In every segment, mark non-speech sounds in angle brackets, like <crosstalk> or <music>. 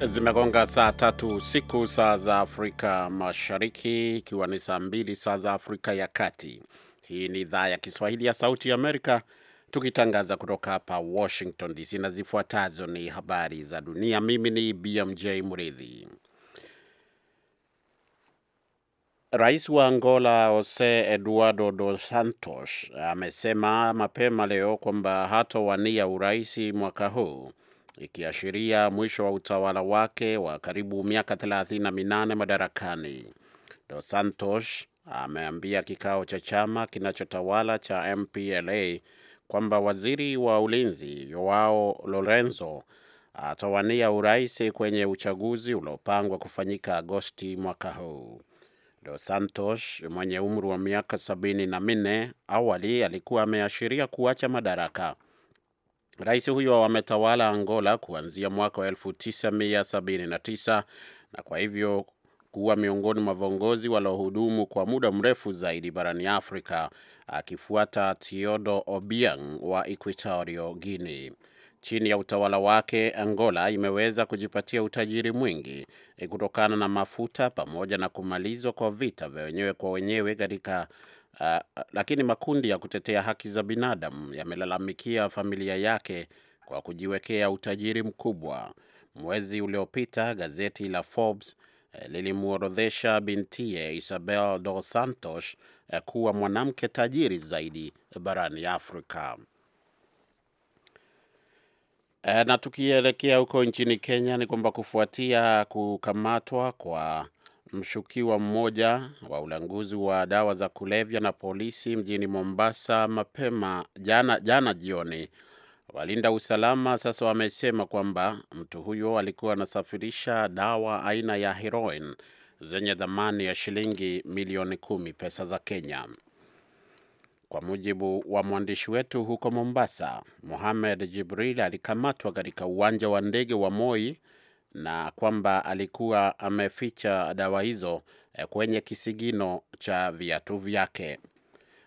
Zimegonga saa tatu usiku saa za Afrika Mashariki, ikiwa ni saa mbili saa za Afrika ya Kati. Hii ni idhaa ya Kiswahili ya Sauti Amerika, tukitangaza kutoka hapa Washington DC, na zifuatazo ni habari za dunia. Mimi ni BMJ Mridhi. Rais wa Angola Jose Eduardo Dos Santos amesema mapema leo kwamba hatowania uraisi mwaka huu ikiashiria mwisho wa utawala wake wa karibu miaka 38 madarakani. Dos Santos ameambia kikao cha chama kinachotawala cha MPLA kwamba waziri wa ulinzi Joao Lorenzo atawania urais kwenye uchaguzi uliopangwa kufanyika Agosti mwaka huu. Dos Santos mwenye umri wa miaka sabini na minne awali alikuwa ameashiria kuacha madaraka Rais huyo ametawala Angola kuanzia mwaka wa 1979 na kwa hivyo kuwa miongoni mwa viongozi waliohudumu kwa muda mrefu zaidi barani Afrika, akifuata tiodo Obiang wa equitorio Guinea. Chini ya utawala wake, Angola imeweza kujipatia utajiri mwingi eh, kutokana na mafuta pamoja na kumalizwa kwa vita vya wenyewe kwa wenyewe katika Uh, uh, lakini makundi ya kutetea haki za binadamu yamelalamikia familia yake kwa kujiwekea utajiri mkubwa. Mwezi uliopita gazeti la Forbes eh, lilimworodhesha bintiye Isabel dos Santos eh, kuwa mwanamke tajiri zaidi barani Afrika. Eh, na tukielekea huko nchini Kenya ni kwamba kufuatia kukamatwa kwa mshukiwa mmoja wa ulanguzi wa dawa za kulevya na polisi mjini Mombasa mapema jana, jana jioni. Walinda usalama sasa wamesema kwamba mtu huyo alikuwa anasafirisha dawa aina ya heroin zenye thamani ya shilingi milioni kumi pesa za Kenya. Kwa mujibu wa mwandishi wetu huko Mombasa, Mohamed Jibril alikamatwa katika uwanja wa ndege wa Moi na kwamba alikuwa ameficha dawa hizo eh, kwenye kisigino cha viatu vyake.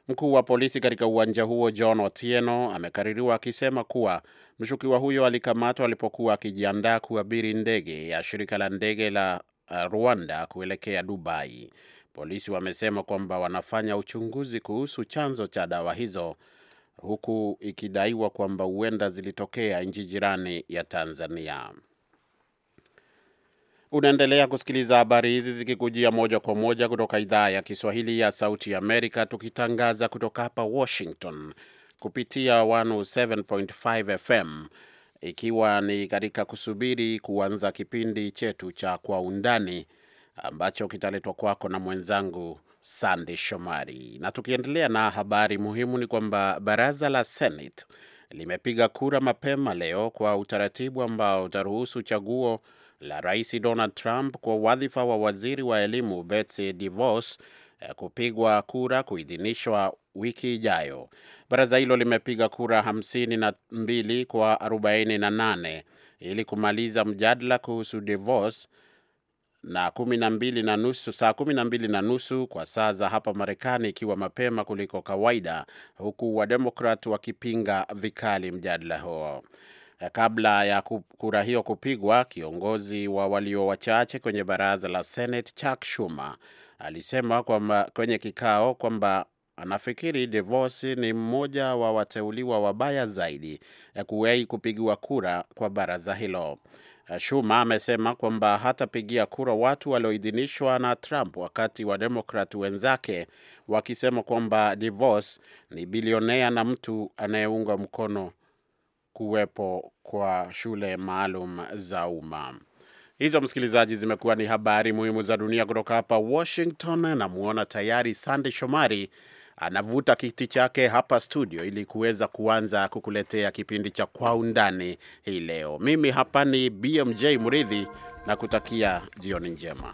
Mkuu wa polisi katika uwanja huo John Otieno amekaririwa akisema kuwa mshukiwa huyo alikamatwa alipokuwa akijiandaa kuabiri ndege ya shirika la ndege la eh, Rwanda kuelekea Dubai. Polisi wamesema kwamba wanafanya uchunguzi kuhusu chanzo cha dawa hizo huku ikidaiwa kwamba huenda zilitokea nchi jirani ya Tanzania. Unaendelea kusikiliza habari hizi zikikujia moja kwa moja kutoka idhaa ya Kiswahili ya Sauti Amerika, tukitangaza kutoka hapa Washington kupitia 107.5 FM, ikiwa ni katika kusubiri kuanza kipindi chetu cha Kwa Undani ambacho kitaletwa kwako na mwenzangu Sande Shomari. Na tukiendelea na habari muhimu, ni kwamba baraza la Senate limepiga kura mapema leo kwa utaratibu ambao utaruhusu chaguo la Rais Donald Trump kwa wadhifa wa waziri wa elimu Betsy DeVos eh, kupigwa kura kuidhinishwa wiki ijayo. Baraza hilo limepiga kura 52 kwa 48 ili kumaliza mjadala kuhusu DeVos na kumi na mbili na nusu, saa kumi na mbili na nusu kwa saa za hapa Marekani, ikiwa mapema kuliko kawaida, huku Wademokrat wakipinga vikali mjadala huo. Eh, kabla ya kura hiyo kupigwa, kiongozi wa walio wachache kwenye baraza la Senate Chuck Schumer alisema kwamba kwenye kikao kwamba anafikiri DeVos ni mmoja wa wateuliwa wabaya zaidi eh, kuwahi kupigiwa kura kwa baraza hilo. Eh, Shuma amesema kwamba hatapigia kura watu walioidhinishwa na Trump, wakati wa Demokrat wenzake wakisema kwamba DeVos ni bilionea na mtu anayeunga mkono kuwepo kwa shule maalum za umma. Hizo msikilizaji, zimekuwa ni habari muhimu za dunia kutoka hapa Washington. Namwona tayari Sande Shomari anavuta kiti chake hapa studio ili kuweza kuanza kukuletea kipindi cha Kwa Undani hii leo. Mimi hapa ni BMJ mridhi na kutakia jioni njema.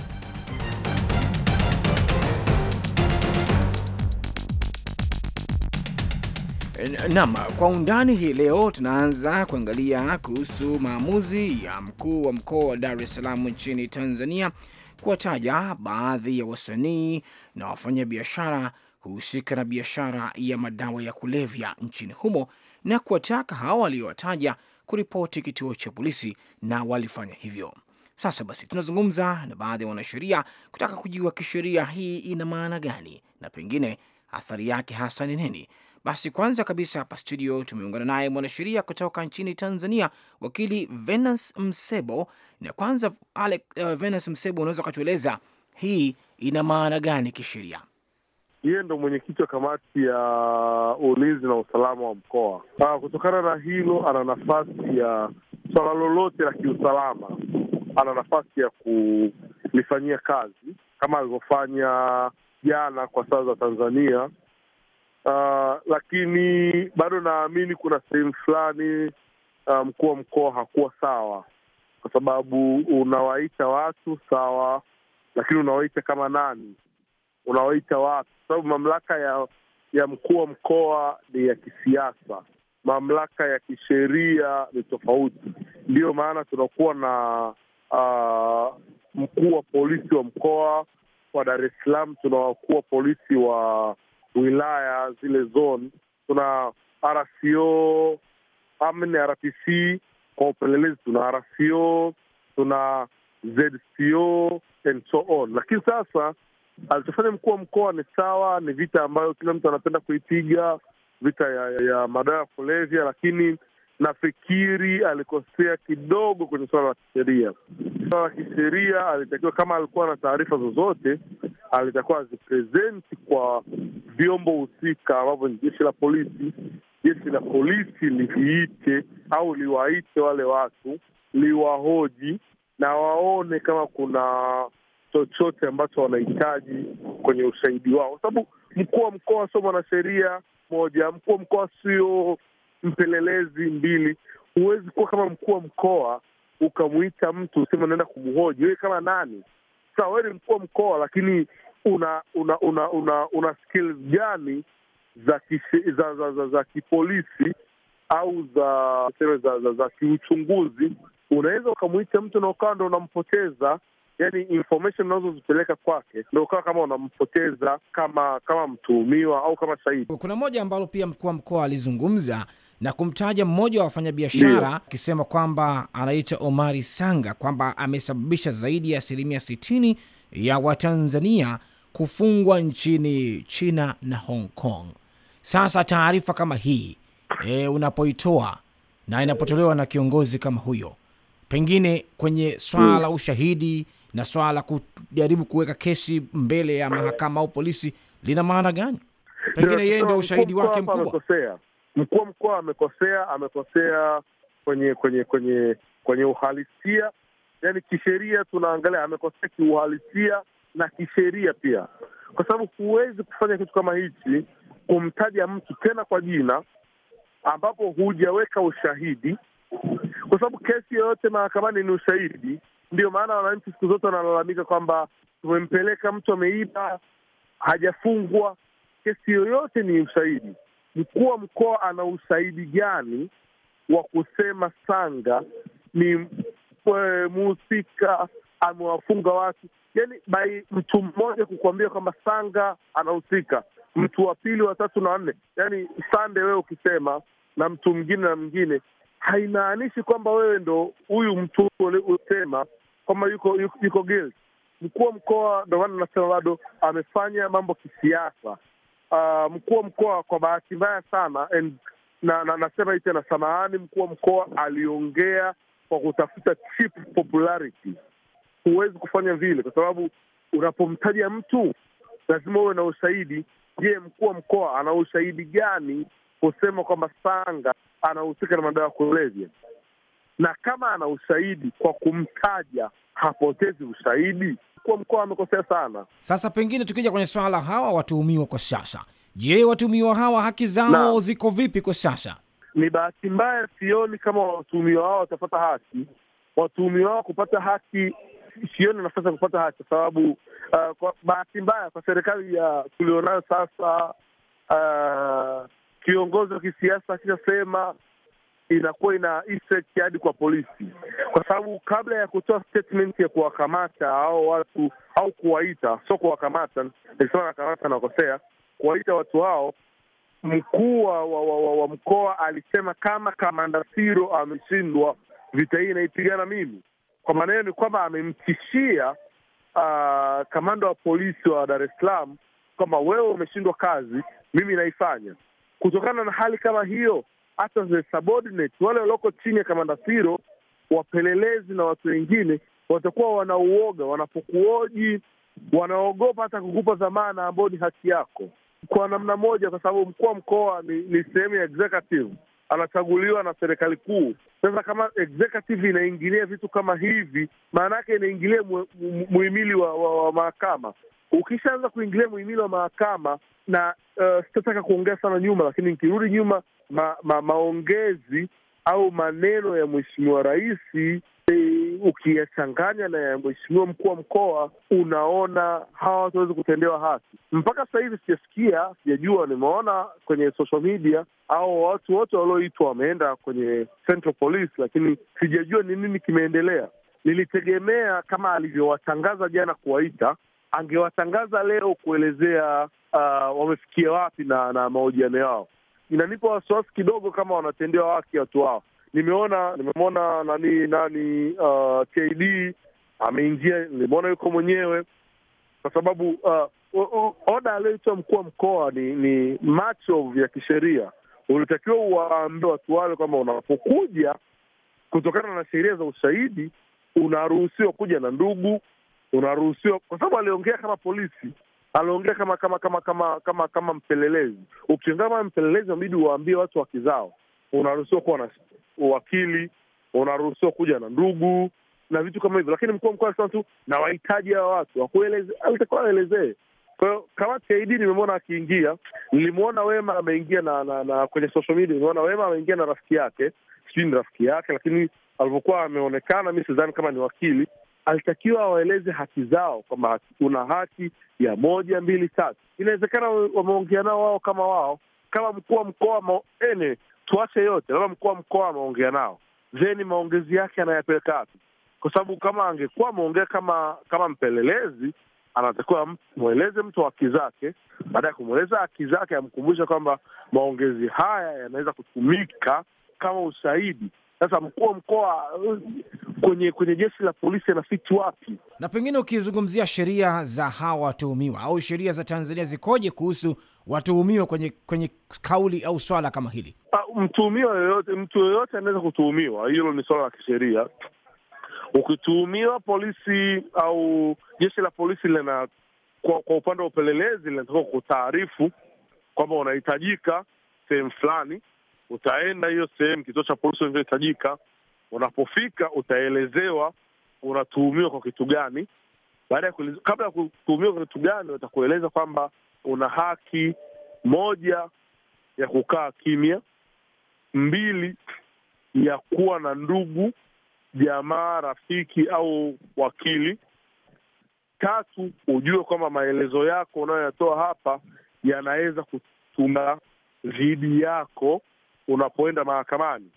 Naam, kwa undani hii leo tunaanza kuangalia kuhusu maamuzi ya mkuu wa mkoa wa Dar es Salaam nchini Tanzania kuwataja baadhi ya wasanii na wafanyabiashara kuhusika na biashara ya madawa ya kulevya nchini humo na kuwataka hao waliowataja kuripoti kituo cha polisi na walifanya hivyo. Sasa basi, tunazungumza na baadhi ya wanasheria kutaka kujua kisheria hii ina maana gani na pengine athari yake hasa ni nini. Basi kwanza kabisa hapa studio tumeungana naye mwanasheria kutoka nchini Tanzania, wakili Venance Msebo. Na kwanza Alec, uh, eh, Venance Msebo, unaweza ukatueleza hii ina maana gani kisheria? Yeye ndo mwenyekiti wa kamati ya ulinzi na usalama wa mkoa. Uh, kutokana na hilo, ana nafasi ya swala lolote la kiusalama, ana nafasi ya kulifanyia kazi kama alivyofanya jana kwa saa za Tanzania uh, lakini bado naamini kuna sehemu fulani ah, mkuu um, wa mkoa hakuwa sawa, kwa sababu unawaita watu sawa, lakini unawaita kama nani? Unawaita watu kwa sababu mamlaka ya ya mkuu wa mkoa ni ya kisiasa, mamlaka ya kisheria ni tofauti. Ndiyo maana tunakuwa na uh, mkuu wa polisi wa mkoa wa Dar es Salaam, tuna wakuu wa polisi wa wilaya zile zone, tuna RCO amne RTC kwa upelelezi, tuna RCO tuna ZCO and so on. Lakini sasa alichofanya mkuu wa mkoa ni sawa, ni vita ambayo kila mtu anapenda kuipiga, vita ya, ya madawa ya kulevya, lakini nafikiri alikosea kidogo kwenye suala la kisheria. Suala la kisheria alitakiwa, kama alikuwa na taarifa zozote, alitakiwa aziprezenti kwa vyombo husika ambavyo ni jeshi la polisi. Jeshi la polisi liiite au liwaite wale watu, liwahoji na waone kama kuna chochote ambacho wanahitaji kwenye ushahidi wao, kwa sababu mkuu wa mkoa sio mwanasheria moja, mkuu wa mkoa sio mpelelezi mbili. Huwezi kuwa kama mkuu wa mkoa ukamwita mtu usema unaenda kumhoji wewe kama nani? Sasa wewe ni mkuu wa mkoa, lakini una una una una, una skills gani za, kise, za, za, za, za kipolisi au za za, za, za, za kiuchunguzi? Unaweza ukamwita mtu na ukawa ndo unampoteza yani information unazozipeleka kwake ndo ukawa kama unampoteza kama kama mtuhumiwa au kama shahidi. Kuna moja ambalo pia mkuu wa mkoa alizungumza na kumtaja mmoja wa wafanyabiashara akisema kwamba anaitwa Omari Sanga kwamba amesababisha zaidi ya asilimia 60 ya Watanzania kufungwa nchini China na Hong Kong. Sasa taarifa kama hii e, unapoitoa na inapotolewa na kiongozi kama huyo, pengine kwenye swala la hmm. ushahidi na swala la kujaribu kuweka kesi mbele ya mahakama au polisi, lina maana gani? Pengine yeye ndio ushahidi wake mkubwa mkuu wa mkoa amekosea, amekosea kwenye kwenye kwenye kwenye uhalisia, yani kisheria tunaangalia, amekosea kiuhalisia na kisheria pia, kwa sababu huwezi kufanya kitu kama hichi, kumtaja mtu tena kwa jina ambapo hujaweka ushahidi, kwa sababu kesi yoyote mahakamani ni ushahidi. ndio maana wananchi siku zote wanalalamika kwamba tumempeleka mtu ameiba, hajafungwa. Kesi yoyote ni ushahidi mkuu wa mkoa ana usaidi gani wa kusema Sanga ni eh, mhusika amewafunga watu? Yani bai mtu mmoja kukuambia kwamba Sanga anahusika, mtu wa pili, wa tatu na wanne, yani Sande wewe ukisema na mtu mwingine na mwingine, haimaanishi kwamba wewe ndo huyu mtu usema kwamba yuko yuko, yuko guilty. Mkuu wa mkoa ndo maana nasema bado amefanya mambo kisiasa uh, mkuu wa mkoa kwa bahati mbaya sana and, na, na nasema hii tena samahani, mkuu wa mkoa aliongea kwa kutafuta cheap popularity. Huwezi kufanya vile kwa sababu unapomtaja mtu lazima uwe na ushahidi. Je, mkuu wa mkoa ana ushahidi gani kusema kwamba Sanga anahusika na madawa ya kulevya? Na kama ana ushahidi kwa kumtaja hapotezi ushahidi, kuwa mkoa wamekosea sana. Sasa pengine tukija kwenye swala hawa watuhumiwa kwa sasa, je, watuhumiwa hawa haki zao ziko vipi kwa sasa? Ni bahati mbaya, sioni kama watuhumiwa hawa watapata haki. Watuhumiwa hawa kupata haki sioni nafasi ya kupata haki sababu, uh, kwa bahati mbaya kwa serikali ya tulionayo sasa, uh, kiongozi wa kisiasa akishasema inakuwa ina stretch hadi kwa polisi, kwa sababu kabla ya kutoa statement ya kuwakamata hao watu au kuwaita, sio kuwakamata, nilisema nakamata nakosea, kuwaita watu hao mkuu wa, wa, wa, wa mkoa alisema kama kamanda Siro ameshindwa vita hii inaipigana mimi. Kwa maana hiyo ni kwamba amemtishia uh, kamanda wa polisi wa Dar es Salaam kwamba wewe umeshindwa kazi, mimi naifanya. Kutokana na hali kama hiyo, hata the subordinate, wale walioko chini ya kamanda Siro, wapelelezi na watu wengine watakuwa wanauoga, wanapokuoji wanaogopa hata kukupa dhamana ambayo ni haki yako kwa namna moja, kwa sababu mkuu wa mkoa ni, ni sehemu ya executive anachaguliwa na serikali kuu. Sasa kama executive inaingilia vitu kama hivi, maana yake inaingilia muhimili wa, wa, wa mahakama. Ukishaanza kuingilia muhimili wa mahakama na uh, sitataka kuongea sana nyuma, lakini nikirudi nyuma ma, ma, maongezi au maneno ya mheshimiwa rais e, ukiyachanganya na ya mheshimiwa mkuu wa mkoa unaona hawa watu wawezi kutendewa haki. Mpaka sasa hivi sijasikia, sijajua, nimeona kwenye social media au watu wote walioitwa wameenda kwenye Central Police, lakini sijajua ni nini kimeendelea. Nilitegemea kama alivyowatangaza jana kuwaita angewatangaza leo kuelezea uh, wamefikia wapi na na mahojiano yao, inanipa wasiwasi kidogo kama wanatendewa haki watu hao. Nimeona nimemwona nani nani uh, KD ameingia, nimeona yuko mwenyewe kwa sababu uh, oda aliyoitwa mkuu wa mkoa ni ni macho ya kisheria. Ulitakiwa uwaambe watu wale kwamba unapokuja, kutokana na sheria za ushahidi, unaruhusiwa kuja na ndugu, unaruhusiwa kwa sababu aliongea kama polisi aliongea kama kama kama kama kama kama mpelelezi. Ukiongea kama mpelelezi, inabidi uwaambie watu wa kizao, Unaruhusiwa kuwa na wakili, unaruhusiwa kuja na ndugu na vitu kama hivyo, lakini mkuu wa mkoa alisema tu na wahitaji hawa watu alitakuwa aelezee. Kwa hiyo kamati ya Idi nimemwona akiingia, nilimwona Wema ameingia na, na, na kwenye social media nimeona Wema ameingia na rafiki yake, sijui ni rafiki yake, lakini alivyokuwa ameonekana, mi sidhani kama ni wakili alitakiwa waeleze haki zao, kwamba kuna haki ya moja, mbili, tatu. Inawezekana wameongea nao wao kama wao, kama mkuu wa mkoa ene, tuache yote, labda mkuu wa mkoa ameongea nao, then maongezi yake anayapeleka wapi? Kwa sababu kama angekuwa ameongea kama kama mpelelezi, anatakiwa mweleze mtu haki zake. Baada ya kumweleza haki zake, amkumbusha kwamba maongezi haya yanaweza kutumika kama ushahidi sasa mkuu wa mkoa uh, kwenye kwenye jeshi la polisi anafiti wapi? Na pengine ukizungumzia sheria za hawa watuhumiwa au sheria za Tanzania zikoje kuhusu watuhumiwa kwenye kwenye kauli au swala kama hili? Mtuhumiwa yoyote, mtu yoyote anaweza kutuhumiwa, hilo ni swala la kisheria. Ukituhumiwa, polisi au jeshi la polisi lina kwa, kwa upande wa upelelezi linatakiwa kutaarifu kwamba unahitajika sehemu fulani utaenda hiyo sehemu, kituo cha polisi unavyohitajika. Unapofika utaelezewa unatuhumiwa kwa kitu gani. Baada ya kabla ya kutuhumiwa kwa kitu gani, watakueleza kwamba una haki moja ya kukaa kimya, mbili ya kuwa na ndugu, jamaa, rafiki au wakili, tatu ujue kwamba maelezo yako unayoyatoa hapa yanaweza kutunga dhidi yako unapoenda mahakamani.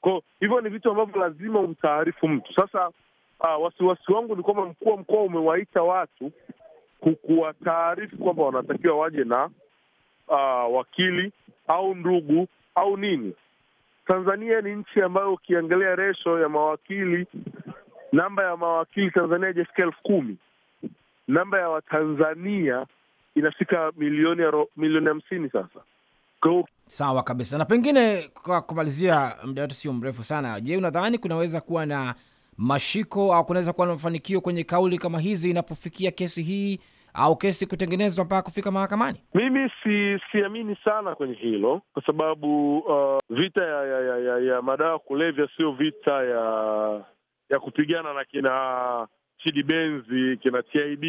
Kwa hivyo ni vitu ambavyo lazima umtaarifu mtu. Sasa uh, wasiwasi wangu ni kwamba mkuu wa mkoa umewaita watu kuwataarifu kwamba wanatakiwa waje na uh, wakili au ndugu au nini. Tanzania ni nchi ambayo ukiangalia resho ya mawakili, namba ya mawakili Tanzania haijafika elfu kumi. Namba ya Watanzania inafika milioni milioni hamsini sasa Moscow. Sawa kabisa. Na pengine kwa kumalizia, muda wetu sio mrefu sana, je, unadhani kunaweza kuwa na mashiko au kunaweza kuwa na mafanikio kwenye kauli kama hizi inapofikia kesi hii au kesi kutengenezwa mpaka kufika mahakamani? Mimi si siamini sana kwenye hilo kwa sababu uh, vita ya, ya, ya, ya madawa kulevya sio vita ya ya kupigana na kina Chidi Benzi, kina TID,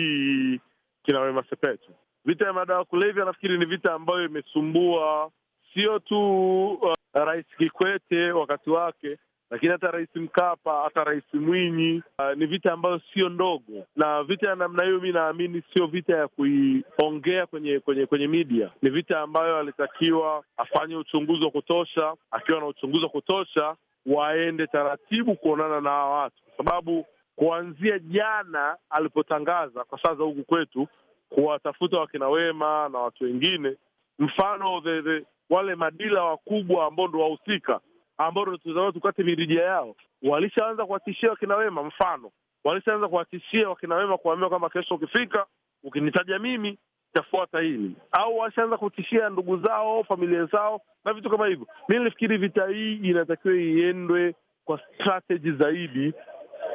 kina Wema Sepetu. Vita ya madawa kulevya nafikiri ni vita ambayo imesumbua sio tu uh, Rais Kikwete wakati wake, lakini hata Rais Mkapa, hata Rais Mwinyi. Uh, ni vita ambayo sio ndogo, na vita ya namna hiyo mi naamini sio vita ya kuiongea kwenye kwenye kwenye media. Ni vita ambayo alitakiwa afanye uchunguzi wa kutosha, akiwa na uchunguzi wa kutosha waende taratibu kuonana na hawa watu, kwa sababu kuanzia jana alipotangaza kwa saa za huku kwetu kuwatafuta wakina Wema na watu wengine, mfano the, the, wale madila wakubwa ambao ndo wahusika ambao ndo tukate mirija yao, walishaanza kuwatishia wakina Wema, mfano walishaanza kuwatishia wakina Wema kuambiwa kwamba kesho ukifika ukinitaja mimi tafuata hili, au washaanza kutishia ndugu zao, familia zao na vitu kama hivyo. Mi nilifikiri vita hii inatakiwa iendwe kwa strategy zaidi,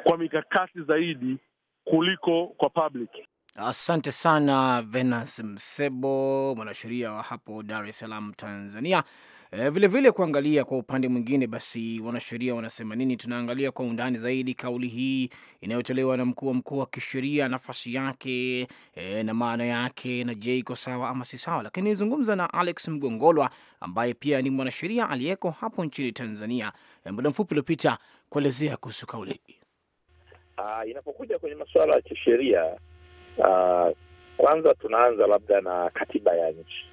kwa mikakati zaidi kuliko kwa public. Asante sana Venus Msebo, mwanasheria wa hapo Dar es Salaam, Tanzania. Vilevile vile kuangalia kwa upande mwingine, basi wanasheria wanasema nini? Tunaangalia kwa undani zaidi kauli hii inayotolewa na mkuu wa mkuu wa kisheria, nafasi yake e, na maana yake, na je, iko sawa ama si sawa? Lakini nizungumza na Alex Mgongolwa ambaye pia ni mwanasheria aliyeko hapo nchini Tanzania e, muda mfupi uliopita kuelezea kuhusu kauli hii. Ah, inapokuja kwenye masuala ya kisheria Ah, kwanza uh, tunaanza labda na katiba ya nchi,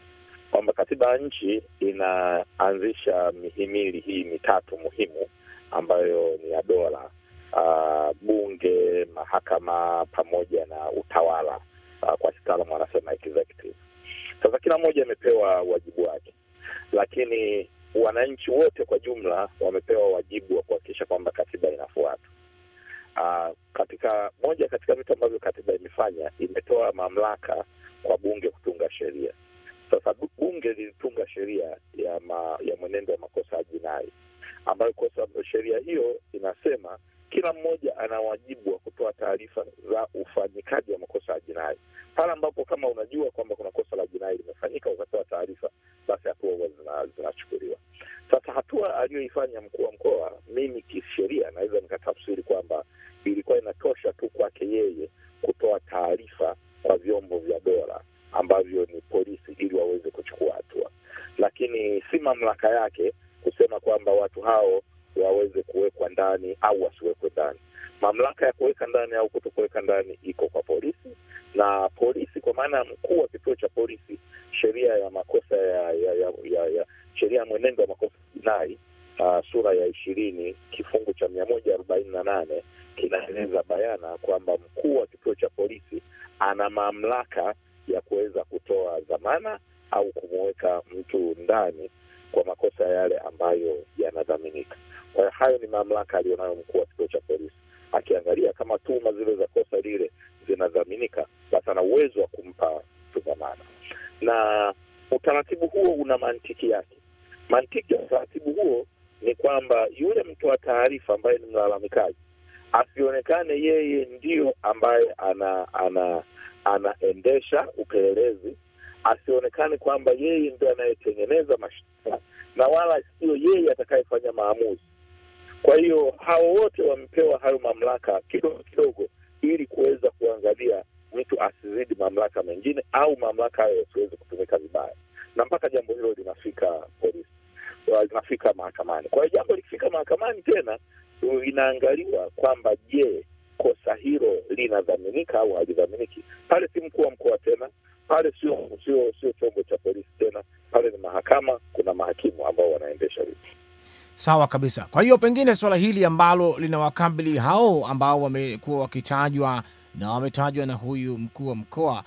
kwamba katiba ya nchi inaanzisha mihimili hii mitatu muhimu ambayo ni ya dola uh, bunge, mahakama pamoja na utawala uh, kwa kitaalamu wanasema executive. Sasa kila mmoja amepewa wajibu wake, lakini wananchi wote kwa jumla wamepewa wajibu wa kuhakikisha kwamba katiba inafuatwa. Ah, katika moja katika vitu ambavyo katiba imefanya imetoa mamlaka kwa bunge kutunga sheria. Sasa bunge lilitunga sheria ya ma, ya mwenendo wa makosa ya jinai ambayo kosa sheria hiyo inasema kila mmoja ana wajibu wa kutoa taarifa za ufanyikaji wa makosa ya jinai. Pale ambapo kama unajua kwamba kuna kosa la jinai limefanyika ukatoa taarifa, basi hatua huwa zinachukuliwa. Sasa hatua aliyoifanya mkuu wa mkoa, mimi kisheria naweza nikatafsiri kwamba ilikuwa inatosha tu kwake yeye kutoa taarifa kwa vyombo vya dola ambavyo ni polisi, ili waweze kuchukua hatua, lakini si mamlaka yake kusema kwamba watu hao waweze kuwekwa ndani au wasiwekwe ndani. Mamlaka ya kuweka ndani au kutokuweka ndani iko kwa polisi, na polisi kwa maana ya mkuu wa kituo cha polisi, sheria ya makosa ya, ya, ya, ya, ya sheria ya mwenendo wa makosa jinai uh, sura ya ishirini kifungu cha mia moja arobaini na nane kinaeleza bayana kwamba mkuu wa kituo cha polisi ana mamlaka ya kuweza kutoa dhamana au kumuweka mtu ndani kwa makosa yale ambayo yanadhaminika. Kwa hiyo hayo ni mamlaka aliyonayo mkuu wa kituo cha polisi. Akiangalia kama tuma zile za kosa lile zinadhaminika, basi ana uwezo wa kumpa mtu dhamana, na utaratibu huo una mantiki yake. Mantiki ya utaratibu huo ni kwamba yule mtoa taarifa ambaye ni mlalamikaji asionekane yeye ndiyo ambaye ana ana anaendesha upelelezi, asionekane kwamba yeye ndio anayetengeneza mashtaka na wala sio yeye atakayefanya maamuzi. Kwa hiyo hao wote wamepewa hayo mamlaka kidogo kidogo, ili kuweza kuangalia mtu asizidi mamlaka mengine au mamlaka hayo yasiweze kutumika vibaya, na mpaka jambo hilo linafika polisi, linafika mahakamani. Kwa hiyo jambo likifika mahakamani tena inaangaliwa kwamba je, kosa hilo linadhaminika au halidhaminiki. Pale si mkuu wa mkoa tena, pale sio sio sio chombo cha polisi tena, pale ni mahakama, kuna mahakimu ambao wanaendesha vitu. Sawa kabisa. Kwa hiyo pengine suala hili ambalo linawakabili hao ambao wamekuwa wakitajwa na wametajwa na huyu mkuu wa mkoa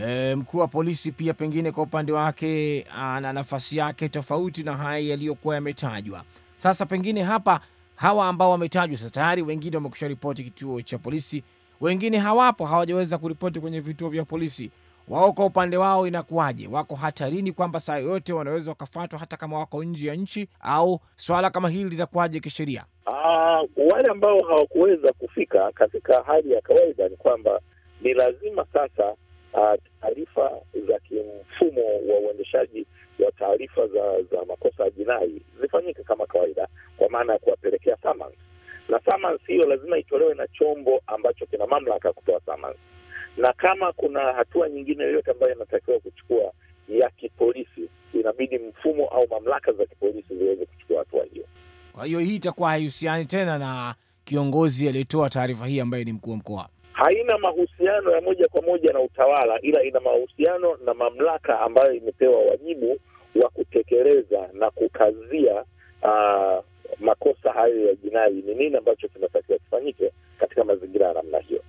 e, mkuu wa polisi pia pengine kwa upande wake ana nafasi yake tofauti na haya yaliyokuwa yametajwa. Sasa pengine hapa hawa ambao wametajwa sasa tayari wengine wamekusha ripoti kituo cha polisi, wengine hawapo, hawajaweza kuripoti kwenye vituo vya polisi. Wao kwa upande wao inakuwaje? Wako hatarini kwamba saa yoyote wanaweza wakafatwa hata kama wako nje ya nchi, au swala kama hili linakuwaje kisheria? Uh, wale ambao hawakuweza kufika katika hali ya kawaida ni kwamba ni lazima sasa Ah, taarifa za kimfumo wa uendeshaji wa taarifa za za makosa ya jinai zifanyike kama kawaida, kwa maana ya kuwapelekea summons, na summons hiyo lazima itolewe na chombo ambacho kina mamlaka ya kutoa summons, na kama kuna hatua nyingine yoyote ambayo inatakiwa kuchukua ya kipolisi, inabidi mfumo au mamlaka za kipolisi ziweze kuchukua hatua hiyo. Kwa hiyo hii itakuwa haihusiani tena na kiongozi aliyetoa taarifa hii ambaye ni mkuu wa mkoa haina mahusiano ya moja kwa moja na utawala, ila ina mahusiano na mamlaka ambayo imepewa wajibu wa kutekeleza na kukazia uh, makosa hayo ya jinai. Ni nini ambacho kinatakiwa kifanyike katika mazingira ya namna hiyo?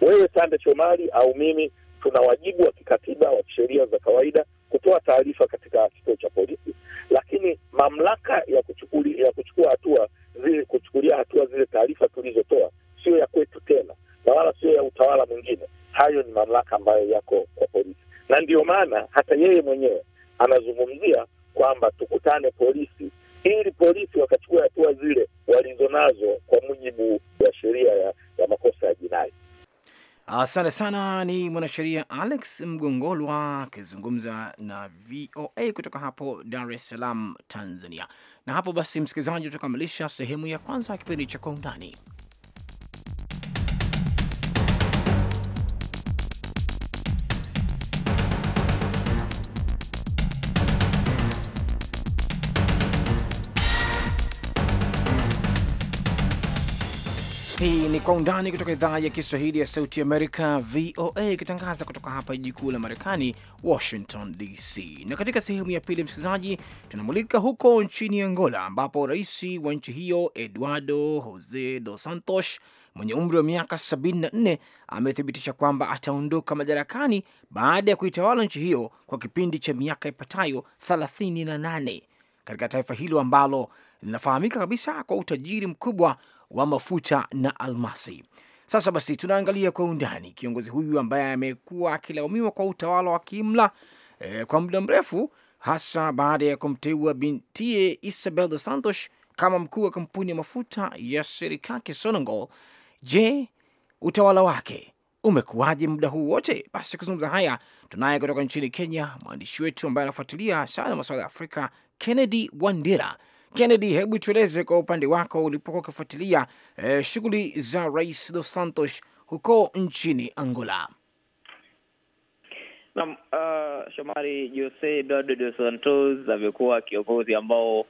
Wewe Sande Shomari au mimi tuna wajibu wa kikatiba wa kisheria za kawaida kutoa taarifa katika kituo cha polisi, lakini mamlaka ya kuchukuli, ya kuchukua hatua zile kuchukulia hatua zile taarifa tulizotoa sio ya kwetu tena, na wala sio ya utawala mwingine. Hayo ni mamlaka ambayo yako kwa polisi, na ndiyo maana hata yeye mwenyewe anazungumzia kwamba tukutane polisi, ili polisi wakachukua hatua zile walizonazo kwa mujibu wa sheria ya, ya makosa ya jinai. Asante sana. Ni mwanasheria Alex Mgongolwa akizungumza na VOA kutoka hapo Dar es Salaam, Tanzania. Na hapo basi, msikilizaji, tukamilisha sehemu ya kwanza ya kipindi cha Kwa Undani. Kwa Undani kutoka idhaa ya Kiswahili ya Sauti Amerika, VOA, ikitangaza kutoka hapa jiji kuu la Marekani, Washington DC. Na katika sehemu ya pili, msikilizaji, tunamulika huko nchini Angola, ambapo rais wa nchi hiyo Eduardo Jose Dos Santos mwenye umri wa miaka 74 amethibitisha kwamba ataondoka madarakani baada ya kuitawala nchi hiyo kwa kipindi cha miaka ipatayo 38 katika taifa hilo ambalo linafahamika kabisa kwa utajiri mkubwa wa mafuta na almasi. Sasa basi, tunaangalia kwa undani kiongozi huyu ambaye amekuwa akilaumiwa kwa utawala wa kiimla e, kwa muda mrefu, hasa baada ya kumteua bintie Isabel dos Santos kama mkuu wa kampuni ya mafuta ya serikali Sonangol. Je, utawala wake umekuwaje muda huu wote? Basi kuzungumza haya tunaye kutoka nchini Kenya mwandishi wetu ambaye anafuatilia sana masuala ya Afrika, Kennedy Wandera Kennedy, hebu tueleze kwa upande wako ulipokuwa ukifuatilia eh, shughuli za Rais Dos Santos huko nchini Angola. Naam, uh, Shomari, Jose Eduardo Dos Santos amekuwa kiongozi ambao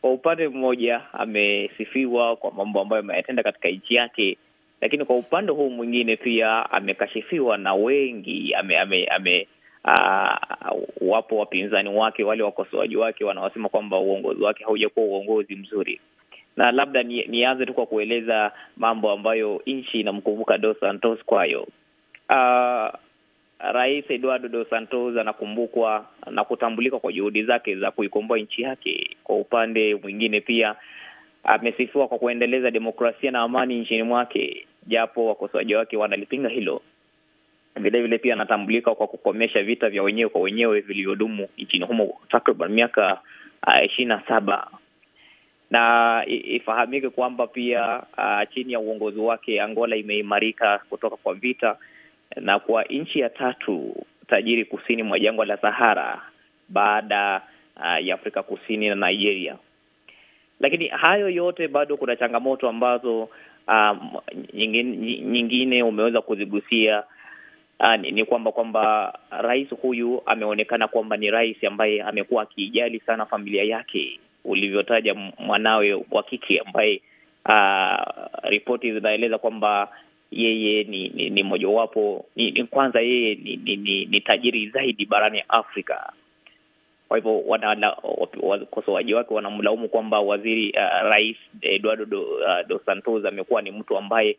kwa upande mmoja amesifiwa kwa mambo ambayo ameyatenda katika nchi yake, lakini kwa upande huu mwingine pia amekashifiwa na wengi ame, ame, ame Uh, wapo wapinzani wake wale wakosoaji wake wanaosema kwamba uongozi wake haujakuwa uongozi mzuri, na labda nianze tu kwa kueleza mambo ambayo nchi inamkumbuka Dos Santos kwayo. Uh, Rais Eduardo Dos Santos anakumbukwa na kutambulika kwa juhudi zake za kuikomboa nchi yake. Kwa upande mwingine, pia amesifiwa kwa kuendeleza demokrasia na amani nchini mwake, japo wakosoaji wake wanalipinga hilo. Vilevile pia anatambulika kwa kukomesha vita vya wenyewe kwa wenyewe vilivyodumu nchini humo takriban miaka uh, ishirini uh, na saba na ifahamike kwamba pia uh, chini ya uongozi wake Angola imeimarika kutoka kwa vita na kwa nchi ya tatu tajiri kusini mwa jangwa la Sahara baada uh, ya Afrika Kusini na Nigeria. Lakini hayo yote bado kuna changamoto ambazo um, nyingine, nyingine umeweza kuzigusia Uh, ni, ni kwamba kwamba rais huyu ameonekana kwamba ni rais ambaye amekuwa akiijali sana familia yake, ulivyotaja mwanawe wa kike ambaye uh, ripoti zinaeleza kwamba yeye ni, ni, ni mojawapo ni, ni kwanza yeye ni, ni, ni, ni tajiri zaidi barani Afrika. Kwa hivyo wakosoaji wake wanamlaumu kwamba waziri uh, rais Eduardo do, uh, Santos amekuwa ni mtu ambaye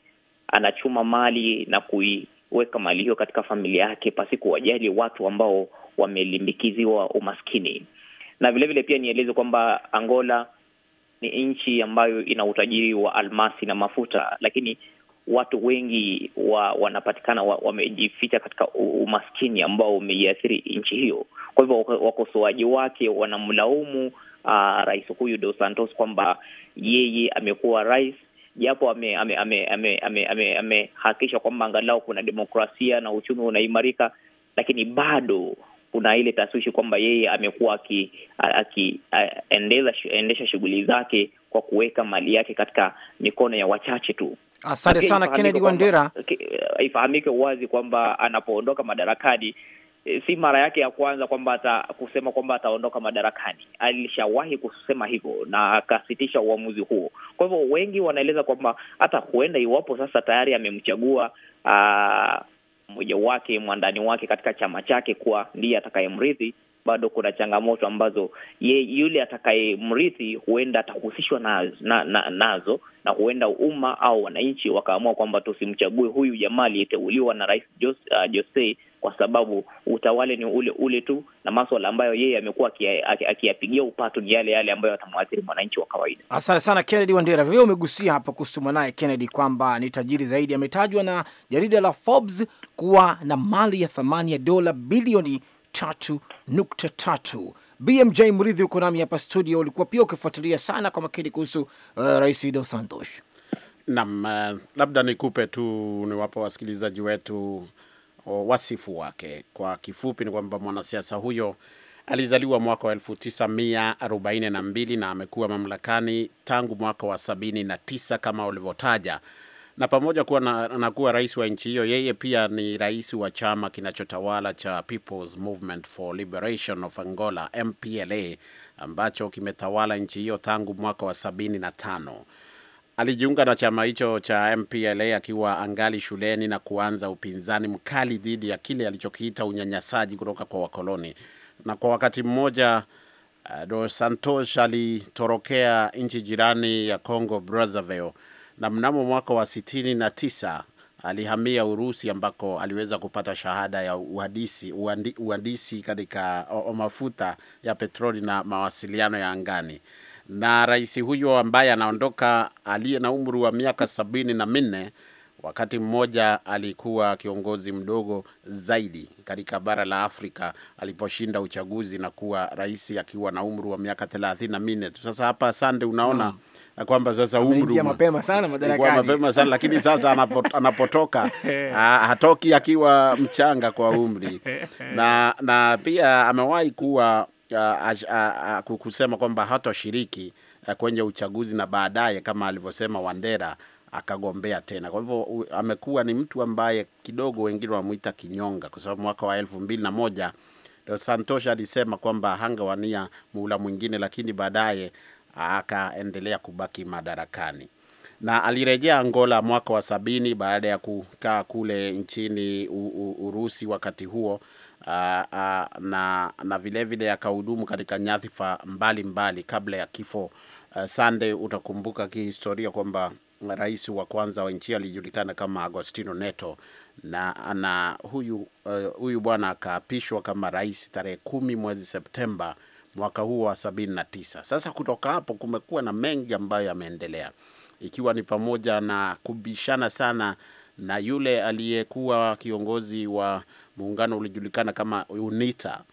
anachuma mali na kui kuweka mali hiyo katika familia yake pasi kuwajali watu ambao wamelimbikiziwa umaskini. Na vilevile vile pia nieleze kwamba Angola ni nchi ambayo ina utajiri wa almasi na mafuta, lakini watu wengi wa, wanapatikana wamejificha wa katika umaskini ambao umeiathiri nchi hiyo. Kwa hivyo wakosoaji wake wanamlaumu uh, rais huyu Dos Santos kwamba yeye amekuwa rais japo amehakikisha ame, ame, ame, ame, ame kwamba angalau kuna demokrasia na uchumi unaimarika, lakini bado kuna ile taswishi kwamba yeye amekuwa akiendesha shughuli zake kwa kuweka mali yake katika mikono ya wachache tu. Asante sana Kennedy Wandera. Ifahamike wazi kwamba anapoondoka madarakani e, si mara yake ya kwanza kwamba ata, kusema kwamba ataondoka madarakani. Alishawahi kusema hivyo na akasitisha uamuzi huo. Kwa hivyo wengi wanaeleza kwamba hata huenda iwapo sasa tayari amemchagua ah, mmoja wake mwandani wake katika chama chake kuwa ndiye atakayemrithi bado kuna changamoto ambazo ye yule atakayemrithi huenda atahusishwa nazo na, na, nazo na huenda umma au wananchi wakaamua kwamba tusimchague huyu jamaa aliyeteuliwa na Rais ah, Jose, uh, Jose kwa sababu utawale ni ule ule tu, na maswala ambayo yeye amekuwa akiyapigia upatu ni yale yale ambayo atamwathiri mwananchi wa kawaida. Asante sana Kennedy Wandera, vile umegusia hapa kuhusu mwanaye Kennedy kwamba ni tajiri zaidi, ametajwa na jarida la Forbes kuwa na mali ya thamani ya dola bilioni tatu nukta tatu. BMJ Mridhi uko nami hapa studio, ulikuwa pia ukifuatilia sana kwa makini kuhusu uh, Rais Dos Santos. Naam, uh, labda nikupe tu niwapo wasikilizaji wetu wasifu wake. Kwa kifupi ni kwamba mwanasiasa huyo alizaliwa mwaka wa 1942 na amekuwa mamlakani tangu mwaka wa 79 kama ulivyotaja, na pamoja kuwa na, na kuwa rais wa nchi hiyo, yeye pia ni rais wa chama kinachotawala cha People's Movement for Liberation of Angola MPLA ambacho kimetawala nchi hiyo tangu mwaka wa 75 alijiunga na chama hicho cha MPLA akiwa angali shuleni na kuanza upinzani mkali dhidi ya kile alichokiita unyanyasaji kutoka kwa wakoloni. Na kwa wakati mmoja eh, Dos Santos alitorokea nchi jirani ya Congo Brazzaville, na mnamo mwaka wa sitini na tisa alihamia Urusi ambako aliweza kupata shahada ya uhandisi uhandisi katika mafuta ya petroli na mawasiliano ya angani na rais huyo ambaye anaondoka aliye na umri wa miaka sabini na minne wakati mmoja alikuwa kiongozi mdogo zaidi katika bara la Afrika aliposhinda uchaguzi na kuwa rais akiwa na umri wa miaka thelathini na minne tu. Sasa hapa Sande, unaona mm. kwamba sasa umri mapema sana madarakani mapema sana lakini sasa anapot, <laughs> anapotoka eh. ha, hatoki akiwa mchanga kwa umri <laughs> eh. na, na pia amewahi kuwa uh, uh, uh, kusema kwamba hatoshiriki uh, kwenye uchaguzi na baadaye kama alivyosema Wandera akagombea tena. Kwa hivyo amekuwa ni mtu ambaye kidogo wengine wamwita kinyonga, kwa sababu mwaka wa elfu mbili na moja Dos Santos alisema kwamba hangawania muhula mwingine, lakini baadaye akaendelea kubaki madarakani na alirejea Angola mwaka wa sabini baada ya kukaa kule nchini Urusi wakati huo Ah, ah, na, na vile vile akahudumu katika nyadhifa mbalimbali kabla ya kifo. Ah, sande utakumbuka kihistoria kwamba rais wa kwanza wa nchi alijulikana kama Agostino Neto na, na huyu, uh, huyu bwana akaapishwa kama rais tarehe kumi mwezi Septemba mwaka huu wa tisa. Sasa kutoka hapo kumekuwa na mengi ambayo yameendelea ikiwa ni pamoja na kubishana sana na yule aliyekuwa kiongozi wa muungano ulijulikana kama UNITA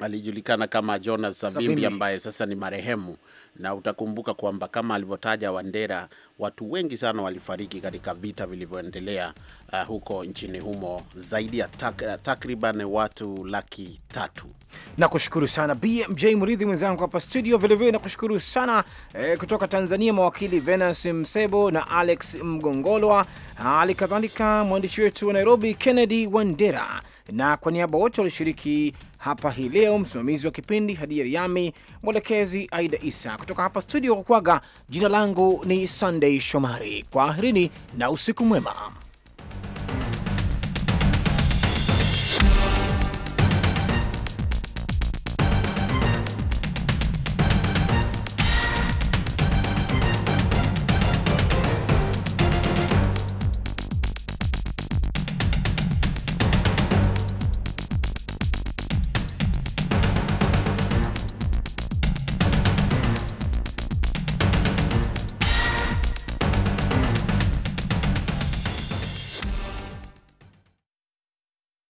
alijulikana kama Jonas Savimbi ambaye sasa ni marehemu na utakumbuka kwamba kama alivyotaja Wandera, watu wengi sana walifariki katika vita vilivyoendelea uh, huko nchini humo, zaidi ya tak, uh, takriban watu laki tatu. Na kushukuru sana BMJ Mridhi mwenzangu hapa studio, vilevile na kushukuru sana eh, kutoka Tanzania mawakili Venance Msebo na Alex Mgongolwa, hali kadhalika mwandishi wetu wa Nairobi Kennedy Wandera na kwa niaba wote walioshiriki hapa hii leo, msimamizi wa kipindi Hadia Riami, mwelekezi Aida Isa, kutoka hapa studio Kukwaga, jina langu ni Sunday Shomari. Kwaherini na usiku mwema.